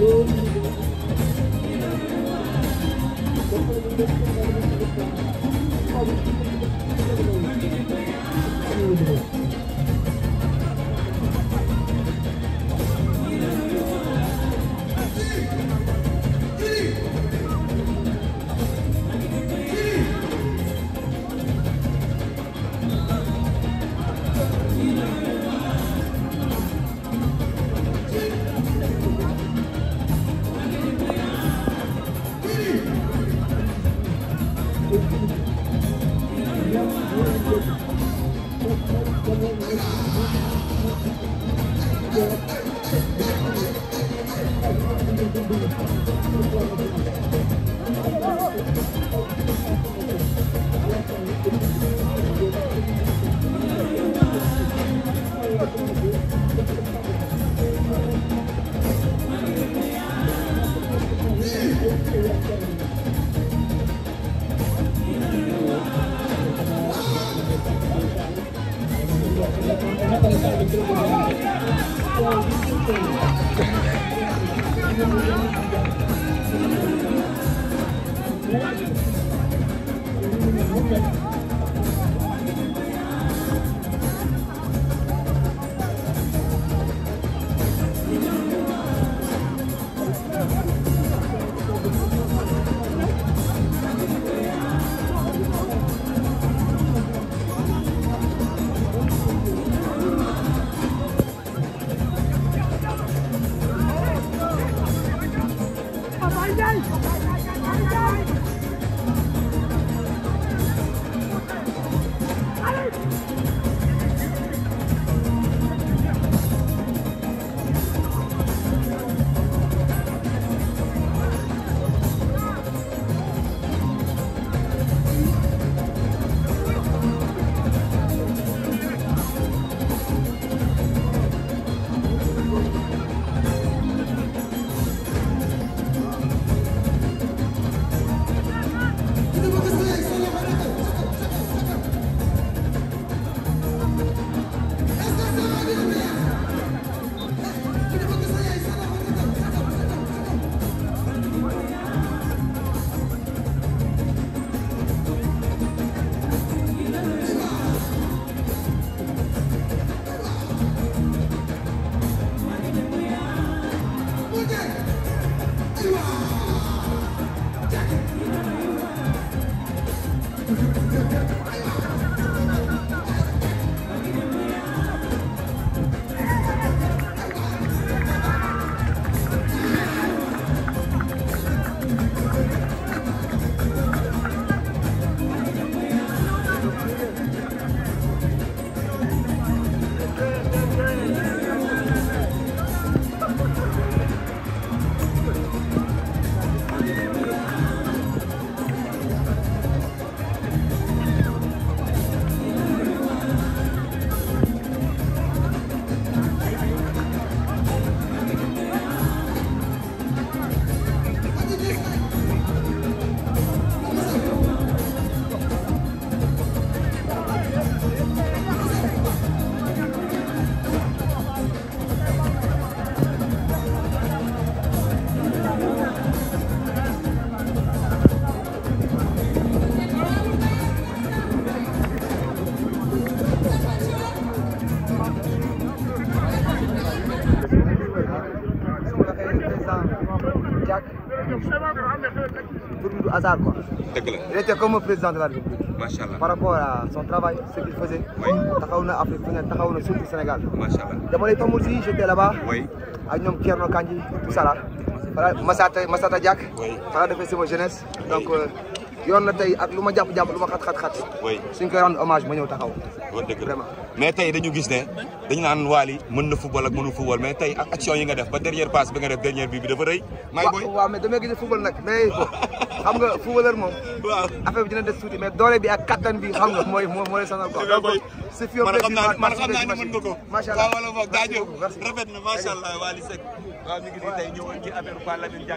Amin. Sénégal hasard quoi. dëgg la il était comme président de la République. macha allah par rapport à son travail ce qu'il faisait. oui taxaw na Afrique fu ne taxaw na surtout Sénégal. macha allah dama lay tombul si j'étais là-bas. oui ak ñoom Thierno Kandji tout ça là. voilà Massata Massata Diack. oui fa la defee sama jeunesse donc. Euh, yoon la tey ak lu ma jàpp jàpp lu ma xat-xat xat. suñ koy ma mais tey dañu gis ne dañu naan Waly mën na football ak mënu football mais tey ak action yi nga def ba dernière passe bi nga def dernière bi bi dafa rëy. may booy waaw mais xam nga footballeur moom. waaw bi dina doole bi ak kattan bi xam mooy moo moo sanal ko. si fi man mën nga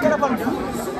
téléphone bi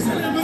Sénégal